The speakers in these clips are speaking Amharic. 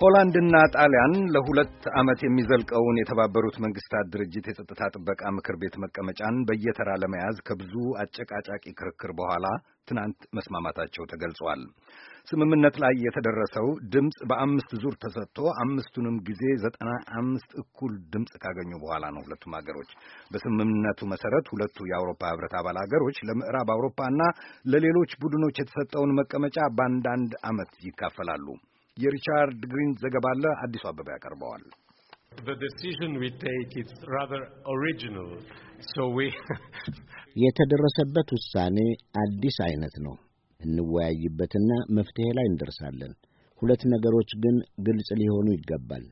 ሆላንድና ጣሊያን ለሁለት ዓመት የሚዘልቀውን የተባበሩት መንግስታት ድርጅት የጸጥታ ጥበቃ ምክር ቤት መቀመጫን በየተራ ለመያዝ ከብዙ አጨቃጫቂ ክርክር በኋላ ትናንት መስማማታቸው ተገልጿል። ስምምነት ላይ የተደረሰው ድምፅ በአምስት ዙር ተሰጥቶ አምስቱንም ጊዜ ዘጠና አምስት እኩል ድምፅ ካገኙ በኋላ ነው። ሁለቱም ሀገሮች በስምምነቱ መሰረት ሁለቱ የአውሮፓ ህብረት አባል አገሮች ለምዕራብ አውሮፓና ለሌሎች ቡድኖች የተሰጠውን መቀመጫ በአንዳንድ ዓመት ይካፈላሉ። የሪቻርድ ግሪን ዘገባ አለ። አዲሱ አበባ ያቀርበዋል። የተደረሰበት ውሳኔ አዲስ አይነት ነው። እንወያይበትና መፍትሄ ላይ እንደርሳለን። ሁለት ነገሮች ግን ግልጽ ሊሆኑ ይገባል።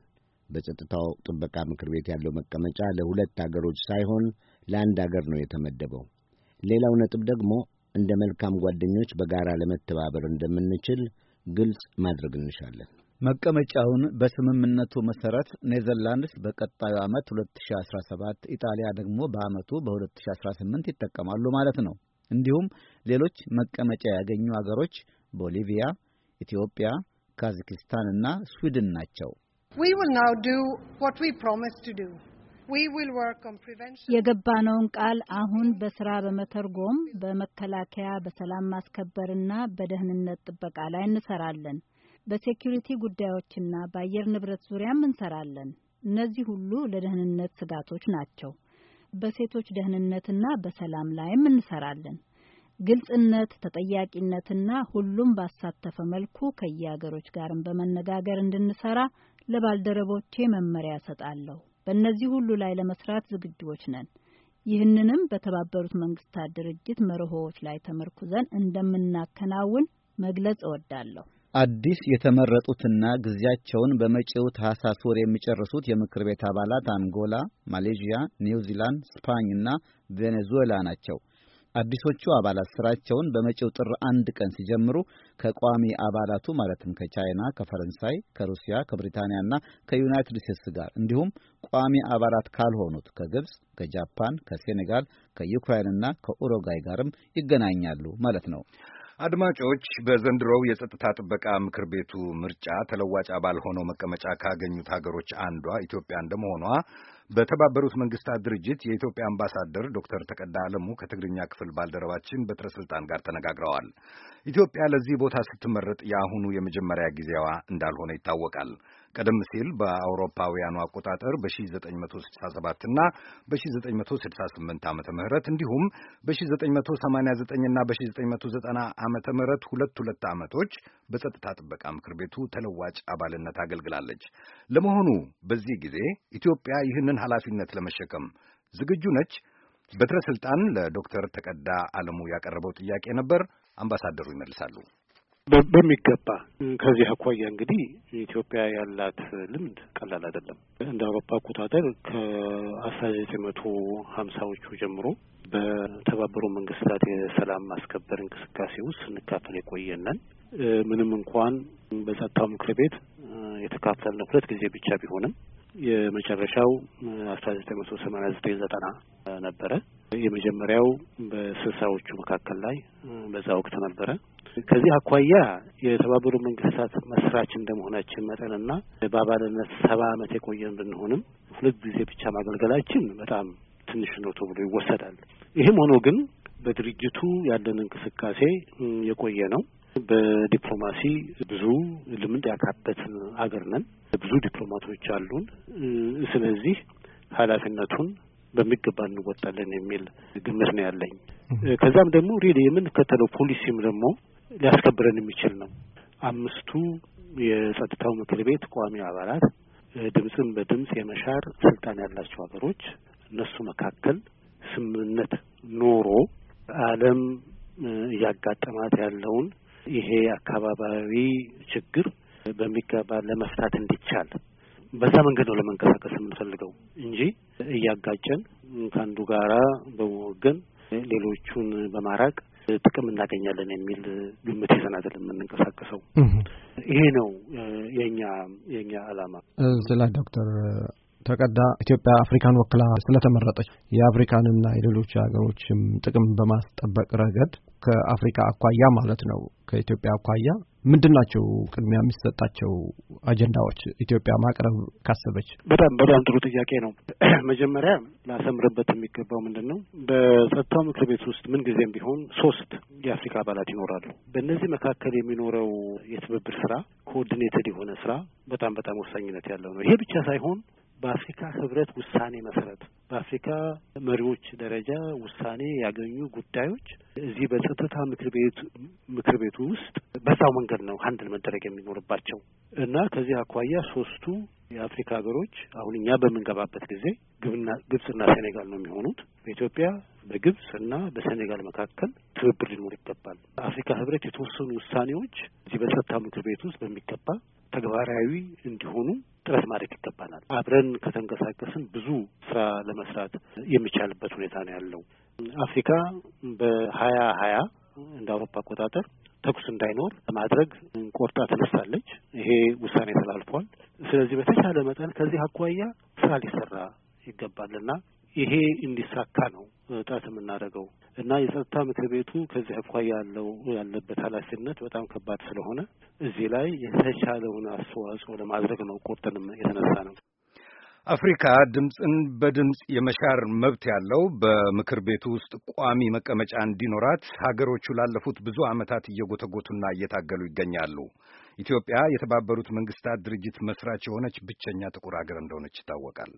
በጸጥታው ጥበቃ ምክር ቤት ያለው መቀመጫ ለሁለት አገሮች ሳይሆን ለአንድ አገር ነው የተመደበው። ሌላው ነጥብ ደግሞ እንደ መልካም ጓደኞች በጋራ ለመተባበር እንደምንችል ግልጽ ማድረግ እንሻለን። መቀመጫውን በስምምነቱ መሰረት ኔዘርላንድስ በቀጣዩ ዓመት 2017 ኢጣሊያ ደግሞ በዓመቱ በ2018 ይጠቀማሉ ማለት ነው። እንዲሁም ሌሎች መቀመጫ ያገኙ አገሮች ቦሊቪያ፣ ኢትዮጵያ፣ ካዛክስታን እና ስዊድን ናቸው። We will now do what we promised to do. የገባነውን ቃል አሁን በስራ በመተርጎም በመከላከያ በሰላም ማስከበርና በደህንነት ጥበቃ ላይ እንሰራለን። በሴኩሪቲ ጉዳዮችና በአየር ንብረት ዙሪያም እንሰራለን። እነዚህ ሁሉ ለደህንነት ስጋቶች ናቸው። በሴቶች ደህንነትና በሰላም ላይም እንሰራለን። ግልጽነት፣ ተጠያቂነትና ሁሉም ባሳተፈ መልኩ ከየሀገሮች ጋርም በመነጋገር እንድንሰራ ለባልደረቦቼ መመሪያ ሰጣለሁ። በእነዚህ ሁሉ ላይ ለመስራት ዝግጁዎች ነን። ይህንንም በተባበሩት መንግስታት ድርጅት መርሆዎች ላይ ተመርኩዘን እንደምናከናውን መግለጽ እወዳለሁ። አዲስ የተመረጡትና ጊዜያቸውን በመጪው ታህሳስ ወር የሚጨርሱት የምክር ቤት አባላት አንጎላ፣ ማሌዥያ፣ ኒውዚላንድ፣ ስፓኝ እና ቬኔዙዌላ ናቸው። አዲሶቹ አባላት ስራቸውን በመጪው ጥር አንድ ቀን ሲጀምሩ ከቋሚ አባላቱ ማለትም ከቻይና፣ ከፈረንሳይ፣ ከሩሲያ፣ ከብሪታንያና ከዩናይትድ ስቴትስ ጋር እንዲሁም ቋሚ አባላት ካልሆኑት ከግብፅ፣ ከጃፓን፣ ከሴኔጋል፣ ከዩክራይንና ከኡሮጋይ ጋርም ይገናኛሉ ማለት ነው። አድማጮች በዘንድሮው የጸጥታ ጥበቃ ምክር ቤቱ ምርጫ ተለዋጭ አባል ሆነው መቀመጫ ካገኙት ሀገሮች አንዷ ኢትዮጵያ እንደመሆኗ በተባበሩት መንግስታት ድርጅት የኢትዮጵያ አምባሳደር ዶክተር ተቀዳ አለሙ ከትግርኛ ክፍል ባልደረባችን በትረ ስልጣን ጋር ተነጋግረዋል። ኢትዮጵያ ለዚህ ቦታ ስትመረጥ የአሁኑ የመጀመሪያ ጊዜዋ እንዳልሆነ ይታወቃል። ቀደም ሲል በአውሮፓውያኑ አቆጣጠር በ1967 እና በ1968 ዓመተ ምህረት እንዲሁም በ1989 እና በ1990 ዓመተ ምህረት ሁለት ሁለት ዓመቶች በጸጥታ ጥበቃ ምክር ቤቱ ተለዋጭ አባልነት አገልግላለች። ለመሆኑ በዚህ ጊዜ ኢትዮጵያ ይህንን ኃላፊነት ለመሸከም ዝግጁ ነች? በትረ ስልጣን ለዶክተር ተቀዳ አለሙ ያቀረበው ጥያቄ ነበር። አምባሳደሩ ይመልሳሉ። በሚገባ ከዚህ አኳያ እንግዲህ ኢትዮጵያ ያላት ልምድ ቀላል አይደለም። እንደ አውሮፓ አቆጣጠር ከአስራ ዘጠኝ መቶ ሀምሳዎቹ ጀምሮ በተባበሩ መንግስታት የሰላም ማስከበር እንቅስቃሴ ውስጥ ስንካፈል የቆየነን ምንም እንኳን በጸጥታው ምክር ቤት የተካፈልነው ሁለት ጊዜ ብቻ ቢሆንም የመጨረሻው አስራ ዘጠኝ መቶ ሰማኒያ ዘጠኝ ዘጠና ነበረ። የመጀመሪያው በስልሳዎቹ መካከል ላይ በዛ ወቅት ነበረ። ከዚህ አኳያ የተባበሩ መንግስታት መስራች እንደመሆናችን መጠንና በአባልነት ሰባ አመት የቆየን ብንሆንም ሁለት ጊዜ ብቻ ማገልገላችን በጣም ትንሽ ነው ተብሎ ይወሰዳል። ይህም ሆኖ ግን በድርጅቱ ያለን እንቅስቃሴ የቆየ ነው። በዲፕሎማሲ ብዙ ልምድ ያካበትን አገር ነን። ብዙ ዲፕሎማቶች አሉን። ስለዚህ ኃላፊነቱን በሚገባ እንወጣለን የሚል ግምት ነው ያለኝ። ከዛም ደግሞ ሪል የምንከተለው ፖሊሲም ደግሞ ሊያስከብረን የሚችል ነው። አምስቱ የጸጥታው ምክር ቤት ቋሚ አባላት ድምፅን በድምፅ የመሻር ስልጣን ያላቸው ሀገሮች እነሱ መካከል ስምምነት ኖሮ ዓለም እያጋጠማት ያለውን ይሄ አካባቢያዊ ችግር በሚገባ ለመፍታት እንዲቻል በዛ መንገድ ነው ለመንቀሳቀስ የምንፈልገው እንጂ እያጋጨን ከአንዱ ጋራ በመወገን ሌሎቹን በማራቅ ጥቅም እናገኛለን የሚል ግምት ይዘን አይደለም የምንንቀሳቀሰው። ይሄ ነው የኛ የኛ አላማ። ስለ ዶክተር ተቀዳ ኢትዮጵያ አፍሪካን ወክላ ስለተመረጠች የአፍሪካንና የሌሎች ሀገሮችም ጥቅም በማስጠበቅ ረገድ ከአፍሪካ አኳያ ማለት ነው ከኢትዮጵያ አኳያ ምንድን ናቸው ቅድሚያ የሚሰጣቸው አጀንዳዎች ኢትዮጵያ ማቅረብ ካሰበች? በጣም በጣም ጥሩ ጥያቄ ነው። መጀመሪያ ላሰምርበት የሚገባው ምንድን ነው፣ በጸጥታው ምክር ቤት ውስጥ ምንጊዜም ቢሆን ሶስት የአፍሪካ አባላት ይኖራሉ። በእነዚህ መካከል የሚኖረው የትብብር ስራ ኮኦርዲኔትድ የሆነ ስራ በጣም በጣም ወሳኝነት ያለው ነው። ይሄ ብቻ ሳይሆን በአፍሪካ ህብረት ውሳኔ መሰረት በአፍሪካ መሪዎች ደረጃ ውሳኔ ያገኙ ጉዳዮች እዚህ በጸጥታ ምክር ቤት ምክር ቤቱ ውስጥ በዛው መንገድ ነው ሀንድል መደረግ የሚኖርባቸው እና ከዚህ አኳያ ሶስቱ የአፍሪካ ሀገሮች አሁን እኛ በምንገባበት ጊዜ ግብና ግብጽና ሴኔጋል ነው የሚሆኑት። በኢትዮጵያ በግብጽ እና በሴኔጋል መካከል ትብብር ሊኖር ይገባል። አፍሪካ ህብረት የተወሰኑ ውሳኔዎች እዚህ በጸጥታ ምክር ቤት ውስጥ በሚገባ ተግባራዊ እንዲሆኑ ጥረት ማድረግ ይገባናል። አብረን ከተንቀሳቀስን ብዙ ስራ ለመስራት የሚቻልበት ሁኔታ ነው ያለው። አፍሪካ በሀያ ሀያ እንደ አውሮፓ አቆጣጠር ተኩስ እንዳይኖር ለማድረግ ቆርጣ ተነሳለች። ይሄ ውሳኔ ተላልፏል። ስለዚህ በተቻለ መጠን ከዚህ አኳያ ስራ ሊሰራ ይገባልና ይሄ እንዲሳካ ነው እጣት የምናደርገው እና የጸጥታ ምክር ቤቱ ከዚህ አኳያ ያለው ያለበት ኃላፊነት በጣም ከባድ ስለሆነ እዚህ ላይ የተቻለውን አስተዋጽኦ ለማድረግ ነው ቁርጥን የተነሳ ነው። አፍሪካ ድምፅን በድምፅ የመሻር መብት ያለው በምክር ቤቱ ውስጥ ቋሚ መቀመጫ እንዲኖራት ሀገሮቹ ላለፉት ብዙ ዓመታት እየጎተጎቱና እየታገሉ ይገኛሉ። ኢትዮጵያ የተባበሩት መንግስታት ድርጅት መስራች የሆነች ብቸኛ ጥቁር ሀገር እንደሆነች ይታወቃል።